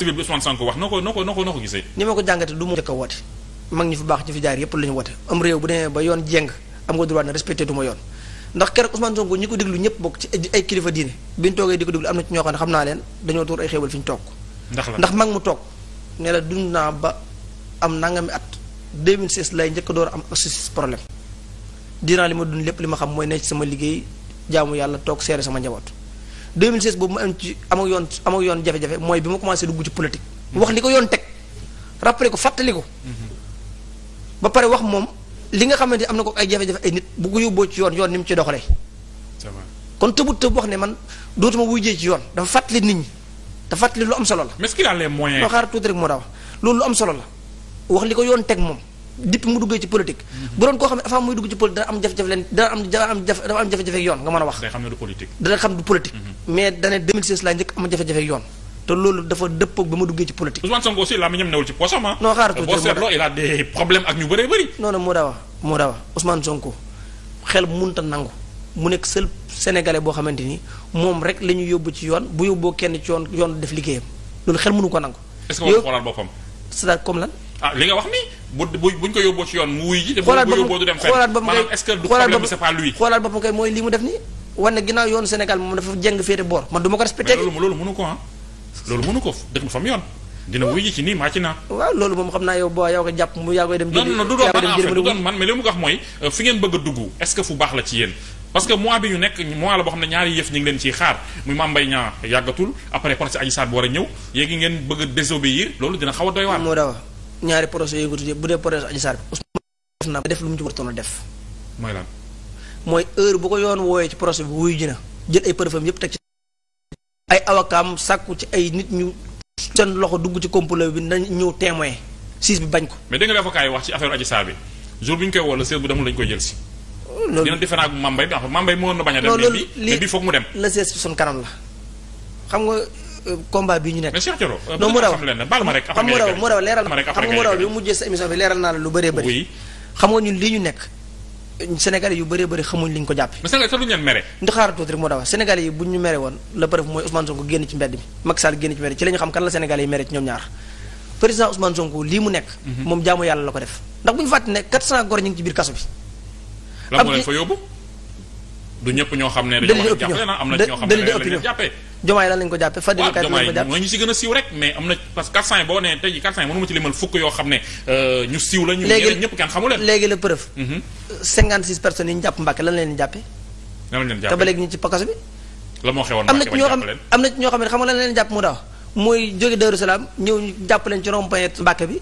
civil bi Ousmane Sonko wax noo ko noo ko noo ko gisee. ni ma ko jàngatee du mu njëkk a woote mag ñi fi baax ñi fi jaar yëpp la ñu am réew bu demee ba yoon jeng am nga droit na respecté du ma yoon ndax keroog Ousmane Sonko ñi ko ñëpp bokk ci ay kilifa diine ñoo xam ne xam naa leen dañoo tuur ay xéewal fi ñu toog ndax mag mu toog ne la dund naa ba am nangami at 2016 lay njëkk a door am assusis problème dinaa li ma dund lépp li ma xam mooy ne ci sama liggéey jaamu yàlla toog seere sama njaboot 2016 boobu mu am ci amoo yoon amoo yoon jafe-jafe mooy bi ma commencé dugg ci politique. wax li ko yoon teg rappelé ko fàttali ko. ba pare wax moom li nga xamante am na ko ay jafe-jafe ay nit bu ko yóbboo ci yoon yoon ni mu ci doxalee. kon tëbut tëb wax ne man dootuma wuy jee ci yoon dafa fàttali nit ñi dafa fàttali lu am solo la. mais est-ce qu'il a rek moo daa wax loolu lu am solo la wax li ko yoon teg moom. depuis mu duggee ci politique. bu doon koo xam ne avant muy dugg ci politique dana am jafe-jafe leen dana am dana am jafe dana am jafe-jafe ak yoon nga mën a wax. dana xam ne du politique. dana xam du politique. Mhm. mais dana 2016 laa njëkk am jafe-jafe yoon. te loolu dafa dëppoog ba ma duggee ci politique. Ousmane Sonko aussi laa mi ñam newul ci poosam ah. non xaaral tuuti boo a des ak ñu bëree bëri. non moo daa moo daa wax Sonko xel mënut a nangu mu nekk seul sénégalais boo xamante ni moom rek la ñu yóbbu ci yoon bu yóbboo kenn ci yoon yoon def liggéeyam loolu xel mënu ko nangu. est-ce ah, nga wax nii bu buñ ko yóbboo ci yoon mu wuy ji. te bu yóbboo du dem xoolaat boppam maanaam est du problème bi c'est pas lui. xoolaat boppam kay mooy li mu def nii. wane ginnaaw yoonu Sénégal moom dafa man ma ko respecté loolu mooy euh, fi ngeen bëgg a dugg fu baax la ci yéen parce que mois bi ñu nekk mois la boo xam ne ñaari yëf ñu ngi leen ciy xaar muy Mame Mbaye yàggatul après procès Adji Sarr bu war a ñëw yéegi ngeen bëgg désobéir loolu dina xaw a doy waar ñaari procès yëngatu yëpp bu na def lu mu ci wartoon a def. mooy mooy heure bu ko yoon wooyee ci procès bi wuyu ji na jël ay preuves yëpp teg ci ay awakaam sàkku ci ay nit ñu seen loxo dugg ci complot bi nañ ñëw témoin siis bi bañ ko. mais dégg nga yi wax ci affaire Adji Sarr bi jour bi ñu koy woo la bu demul lañ koy jël si. loolu dina différent ak Mambay bi Mambay moo na bañ a dem. mais bi mais bi foog mu dem. la sees bi kanam la xam nga. combat bi ñu nekk. mais Cheikh Thioro non mu raw baal ko jàppe ndi xaar tuuti rek moo dawa sénégalais yi la mhm. moom jaamu yàlla la ko def ndax bu ñu fàtte ne 400 góor ñu ci biir kaso bi la mu leen fa yóbbu du ñëpp ñoo xam ne dañu jàppale na am na ñoo xam Jomaay lan lañ ko jàppee Fadilou Keita lañ ko jàppee waaw ñu si gën a siiw rek mais am na parce que 400 yi boo ci limal fukk yoo xam ne euh, ñu siiw la ñu ñeneen ñëpp kenn xamu leen léegi la preuve 56 mhm. personnes yi ñu jàpp Mbàkke lan lañ bi la moo leen jàpp mu daaw mooy jóge Daaru Salaam ñëw ñu jàpp leen ci rond-point bi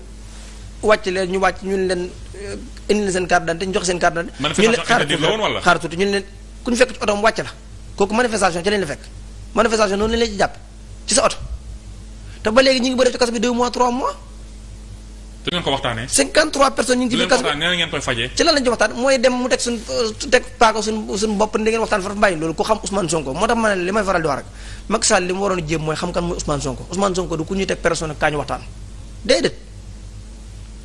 wàcc leen ñu wàcc ñun leen euh, indi leen seen carte ñu jox seen carte d'identité ñu leen xaar tuuti ñu leen ku ñu fekk ci otoom wàcc la kooku manifestation ci lañ la fekk manifestation noonu lañ ci jàpp ci sa oto te ba léegi ñu ngi bëri ci kaso bi 2 mois 3 mois. te ngeen ko waxtaanee. 53 personnes ñu ngi ci biir kaso koy fajee. ci lan lañ ci waxtaan mooy dem mu teg suñ teg paaka suñ bopp ni ngeen waxtaan fa mbàyyi loolu ku xam Ousmane Sonko moo tax ma ne li may faral di wax rek Macky li a jéem mooy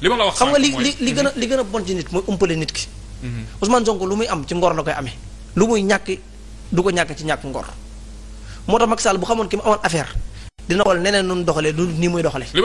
li ma la wax xam nga li li li gën a mhm. li gën a bon ci nit mooy umpale nit ki. Mhm. Ousmane Sonko lu muy am ci ngor la koy amee lu muy ñàkk du ko ñàkk ci ñàkk ngor moo tax Macky Sall bu xamoon ki mu amoon affaire dina wal neneen nun doxalee du nii muy doxalee